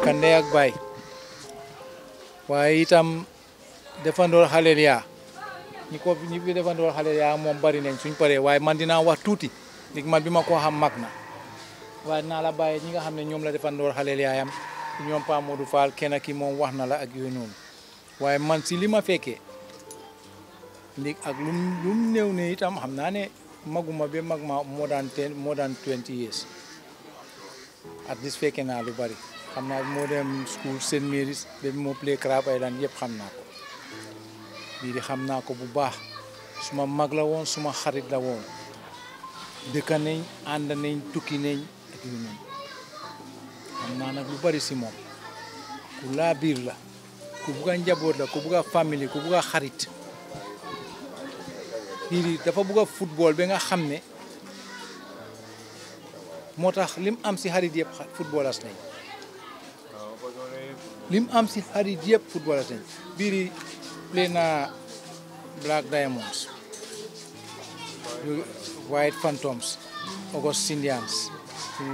bokk ak baay waaye itam defandoor xaleel yaa ko ñi fi defandoor xaleel yaa moom bari nañ suñ paree waaye man dinaa wax tuuti léegi man bi ma koo xam mag na waaye naa la bàyyi ñi nga xam ne ñoom la defandoor xaleel yaayam ñoom Pa Modou Fall kenn ki moom wax na la ak yooyu waaye man si li ma fekkee ndig ak lum lum néew ne itam xam naa ne maguma ba mag ma moo daan moo daan twenty years at least fekkee naa lu bari xamna mo dem school sen mairie ba mo play crap ay lan yeb xamna ko bi di xamna ko bu baax suma mag la won suma xarit la woon dëkka nañ and nañ tukki nañ ak yu ñu xam nak lu bari ci mom ku la bir la ku ga njabot la ku ga family ku ga xarit di dafa ga football benga nga xam motax lim am ci xarit football footballers nañ lim am si hari yëpp footballers lañ biri plena Black Diamonds White Phantoms ogos Indians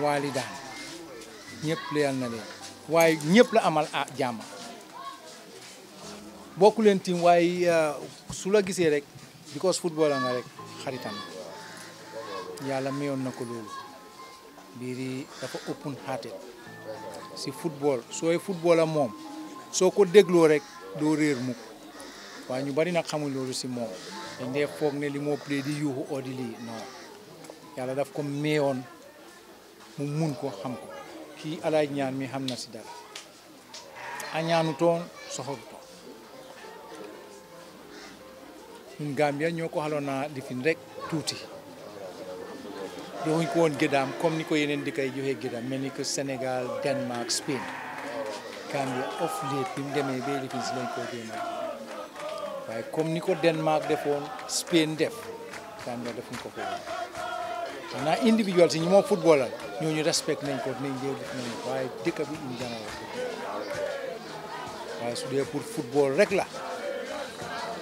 walidan ñep le ñëpp na le way ñep la amal a jama bokku len tim way uh, su la gisee rek because footballer nga rek xaritam yalla mayoon nako lolu biri dafa open hearted si football sooy football a moom soo ko dégloo rek doo réer mukk waaye ñu bari nag xamuñ loolu si moom dañ dee foog ne li moo play di yuuxu oo di lii non yàlla daf ko meewoon mu mun ko xam ko kii alaaj ñaan mi xam na si dara a ñaanu toon soxoru toon ñoo ko xaloon naa lifin rek tuuti joxuñ ko woon gëddaam comme ni ko yeneen di koy joxee gëddaam mel ni que Sénégal Danemark Spain Gambia of late bi mu demee ba Philippines lañ ko génne waaye comme ni ko Danemark defoon Spain def Gambia defuñ ko ko woon xanaa individual si ñi moom footballal ñooñu respect nañ ko dinañ jéem def nañ ko waaye dëkk bi in general waaye su dee pour football rek la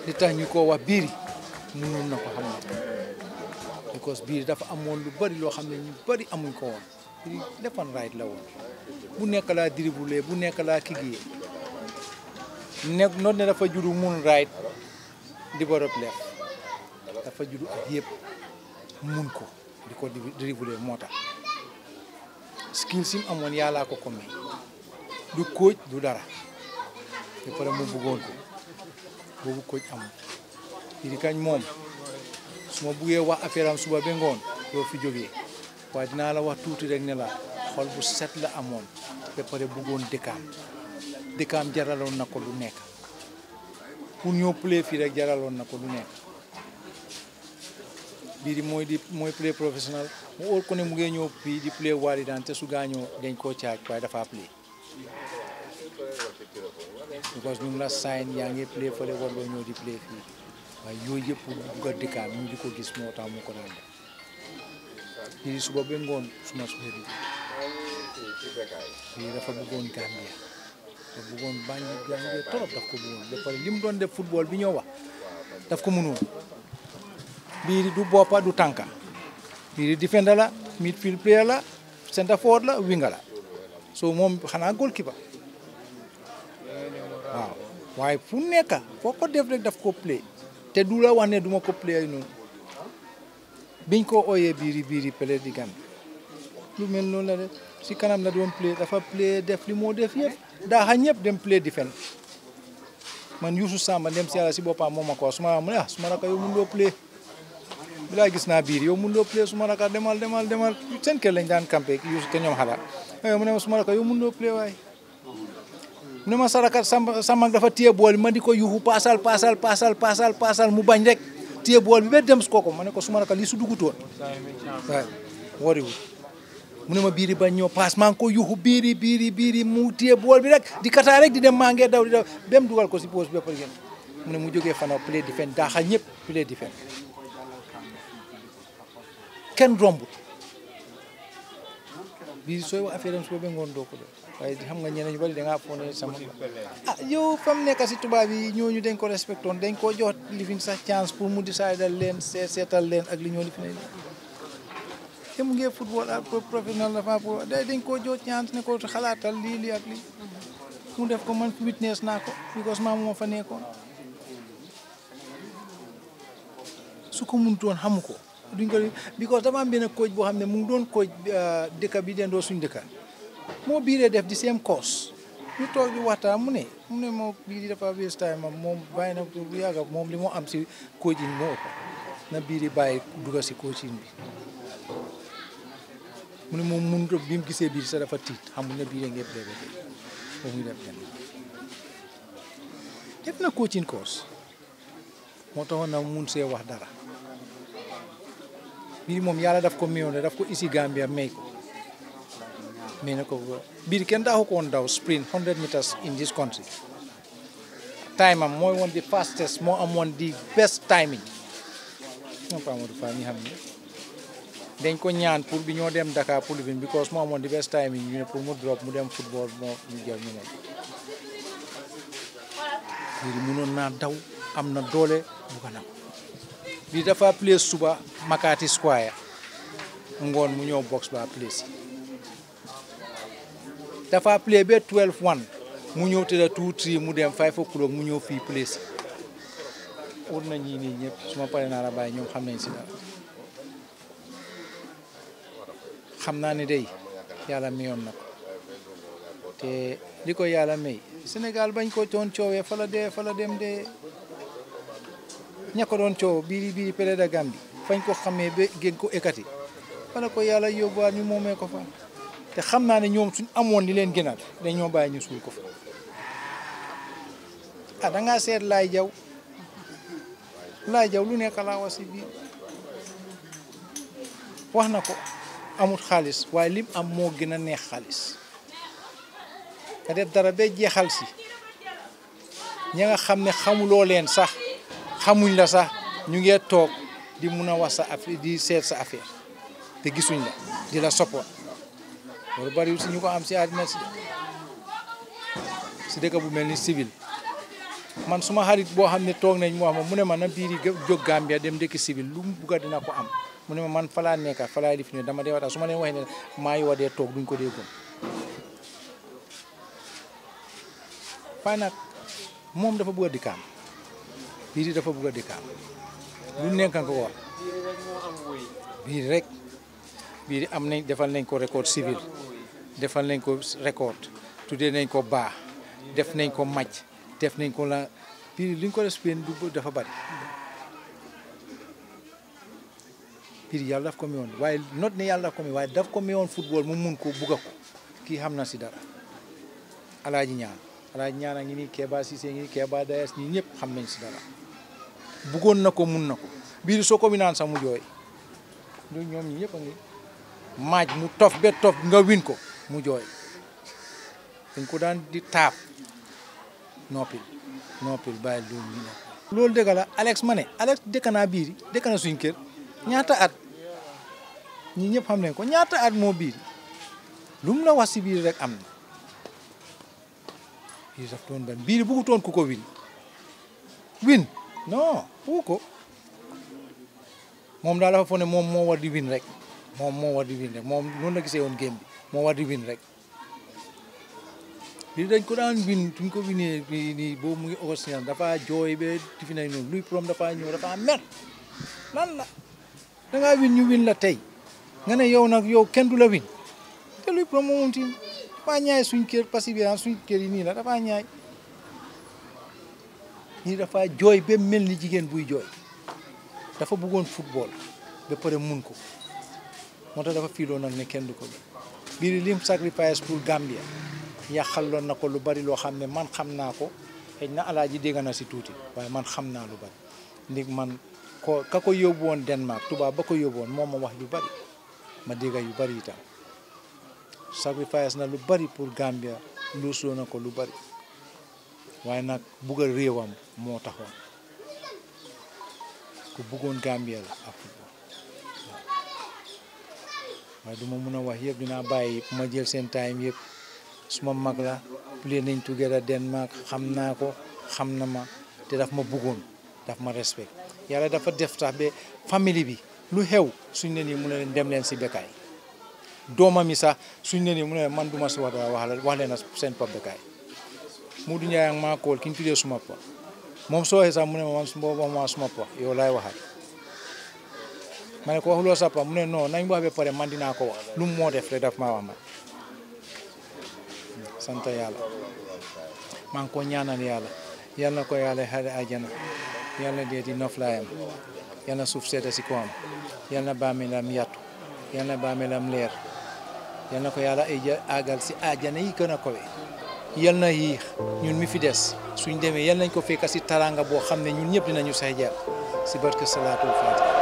li tax ñu ko wax biiri mënoon na ko xam na because biir dafa amoon lu bari loo xam ne ñu bari amuñ ko woon biir left and right la woon bu nekk laa dribble bu nekk laa kigiyee ne noonu ne dafa juddu mun right develop left dafa juddu ak yëpp mun ko di ko dribble moo tax skill sim amoon yàllaa ko ko may du coach du dara ba pare mu bëggoon ko boobu coach amul Diri moom su ma buggee wax affaire am suba ba ngoon doo fi jógee waaye dinaa la wax tuuti rek ne la xol bu set la amoon ba buggoon dëkkaam dëkkaam jaraloon na ko lu nekk pour ñoo play fii rek jaraloon na ko lu nekk bii di mooy di mooy play professionnel mu óor ko ne mu ngee ñëw fii di play waari te su gaañoo dañ koo caaj waaye dafa play because ñu la sign yaa ngi play fële war loo ñëw di play fii waaye yooyu yëpp bugg a dëkkaat ñu ngi ko gis moo tax mu ko daan def fii suba ba ngoon suma suñu bi fii dafa bëggoon Gambia dafa bëggoon Banjul Gambia trop daf ko bëggoon ba pare doon def futbool bi ñoo wax daf ko mënoon bii du boppa du tànka bii di defender la midfield player la centre forward moom xanaa goalkeeper waaw waaye fu nekk foo ko def rek daf ko play te du la wax du ko play noonu biñ ko ooyee biri biri pele di lu mel la si kanam la doon play dafa play def li mo def yep da xa dem play di fen man Youssou Samba dem si ala si boppam moom ma ko suma mu ne ah, yow mun loo play bila gis na biir yow mun play suma ma raka demal demal demal seen kër lañ daan campé Youssou te ñoom xalaat mu ne eh, yow mun loo play waaye mu ne ma sarakat sama sama dafa téye bool ma di ko yuuxu paasal paasal paasal paasal mu bañ rek téye bool bi ba dem su kooku ma ne ko suma raka lii su dugutoon waaw wariwul mu ne ma biiri bañ ñoo paas maa ngi ko yuuxu biiri biiri biiri mu téye bool bi rek di kataa rek di dem maa nge daw di daw bem dugal ko si poos bi après mu ne mu jógee fanaw play defense daaxal ñëpp play defense kenn rombut bi sooy wax affaire am suba ba ngoon doo ko def waaye xam nga ñeneen ñu bari dangaa foog ne sama ah yow fam si tubaab yi ñooñu dañ ko respectoon dañ koo jox lifin sax chance pour mu décider leen seet seeta leen ak li ñoo lifin ay te mu ngi football ak professionnel dafa pour dañ koo jox chance ne ko xalaatal lii lii ak lii def ko man witness naa ko because maa moo fa nekkoon su ko mënutoon xamu ko duñ ko because dafa am benn coach boo xam ne mu ngi doon coach uh, dëkka bi dendoo suñ dëkka moo biiree def di same course ñu toog di waxtaan mu ne mu ne di dafa waste moom bàyyi na bu li moo am si coaching moo na biiri bàyyi duga si coaching bi mu ne moom mun bi mu gisee biir sa dafa tiit xamul ne biiree ngeen def na coaching course moo taxoon na mun see wax dara bii moom yàlla daf ko miyoon daf ko isi Gambia may ko may na ko biir kenn daaxu ko woon daw sprint meters in this country time am mooy woon di fastest moo am woon di best timing moom Pa Amadou Fa ko ñaan bi ñoo dem Dakar pour livin di best timing pour mu drop mu dem football moo ñu jël ñu ne biir mënoon naa daw am na doole bu ko dafa place suba Makati Square ngoon mu ñëw box ba place dafa play ba mu ñëw tëdda 2 3 mu dem 5 o'clock mu ñëw fii place wër na ñii nii ñëpp su ma paree naa la ñoom xam nañ si dara xam naa ne day yàlla mayoon na te li ko yàlla may Sénégal bañ ko doon coowee fa dee fa dem dee ña ko doon coow bii bii Pelé da Gambie fañ ko xamee ba gën ko ekati wala ko yàlla yóbbuwaat ñu moomee ko fa te xam naa ne ñoom suñ amoon li leen gënal dañ ñoo bàyyi ñu suul ko fa ah da seet lay jaw laay jaw lu nekk laa wasi bi wax na ko amut xaalis waaye lim am moo gën a neex xaalis nga def dara ba jeexal si ña nga xam ne xamuloo leen sax xamuñ la sax ñu ngi toog di mun a wax sa affaire di seet sa affaire te gisuñ la di la support loolu bariwul si ñu ko am si àddina si si dëkk bu mel ni civil man suma xarit boo xam ne toog nañ mu wax ma mu ne ma na biir yi Gambia dem dëkk civil lu mu bugg dina ko am mu ne ma man falaa nekka falaa li fi ne dama dee waxtaan su ma leen waxee ne maa ngi wadee toog duñ ko dee gëm moom dafa bëgg di biiri dafa bugg a dëkkaam lu nekk nga ko wax biiri rek biiri am nañ defal nañ ko record civil defal nañ ko record tuddee nañ ko baax def nañ ko maj def nañ ko la biiri li ñu ko respecté du dafa bari biiri yàlla daf ko mi woon waaye not ne yàlla daf ko mi waaye daf ko mi woon football mu mun ko bugga ko kii xam na si dara alaaji ñaan alaaji ñaan a ngi nii Keba Cissé ngi nii Keba Dayas ñii ñëpp xam nañ si dara buggoon na ko mun na ko biir soo ko winaan sax mu jooy ñoom ñi ñëpp a maaj mu tof be tof nga win ko mu jooy dañ ko daan di taab noppil noppil bàyyi loolu ñu nekk loolu dëgg la Alex ma Alex dëkk naa biir dëkk na suñ kër ñaata at ñi ñëpp xam nañ ko ñaata at moo biir lu mu la wax si biir rek am na biir daf doon ban biir bëggutoon ku ko win win non wu ko moom daal dafa foog moom moo war di win rek moom moo war di moom noonu la gisee woon game bi moo war di win rek li dañ ko daan win duñ ko winee bi nii boobu mu ngi Augustin dafa jooy ba tifi nañ luy problème dafa ñëw dafa mer lan la da ngaa win ñu win la tey nga ne yow nag yow kenn du la win te luy problème moom tim dafa ñaay suñ kër parce que suñ kër yi nii la dafa ñaay ni dafa jooy ba mel ni jigéen buy jooy dafa buggoon football ba pare mun ko moo tax dafa fiiloo nag ne kenn du ko biir lim sacrifice pour Gambia yàqaloon na ko lu bari loo xam ne man xam naa ko xëy na alaaji dégg na si tuuti waaye man xam naa lu bari ndig man ko ka ko yóbbu woon Denmark tubaab ba ko yóbbu moom moo wax yu bari ma dégga yu bari itam sacrifice na lu bari pour Gambia luusoo na ko lu bari waye nak bugal rewam mo taxone ku bugon Gambia la ak football waye duma ma wax yeb dina ma jël sen time yeb suma mag la play nañ together Denmark xam naa ko xamna ma te daf ma bugon daf ma respect yalla dafa def tax family family bi lu xew suñ ne nii mu dem leen ci bekay doomam yi sax suñ ne nii mu man duma si wax wax leen sen pop bekay Modou Ndiaye ak maa kool ki ñu tuddee suma moom soo waxee sax mu ma man ma suma pa yow laay waxaat ma ko waxuloo sa pa mu nañ wax ba pare man dinaa ko wax lu moo def rek daf maa wax man sant yàlla maa ko ñaanal yàlla yal na ko yàlla xare àjjana yal dee di noflaayam yal na suuf seeta si kawam yal na bàmmeelam yàttu yal na bàmmeelam leer yal na ko yàlla àggal si àjjana yi gën a kowe yal na yéex ñun mi fi des suñ demee yal nañ ko fekk si taranga boo xam ne ñun ñëpp dinañu say jàpp si barke salaatul faatiha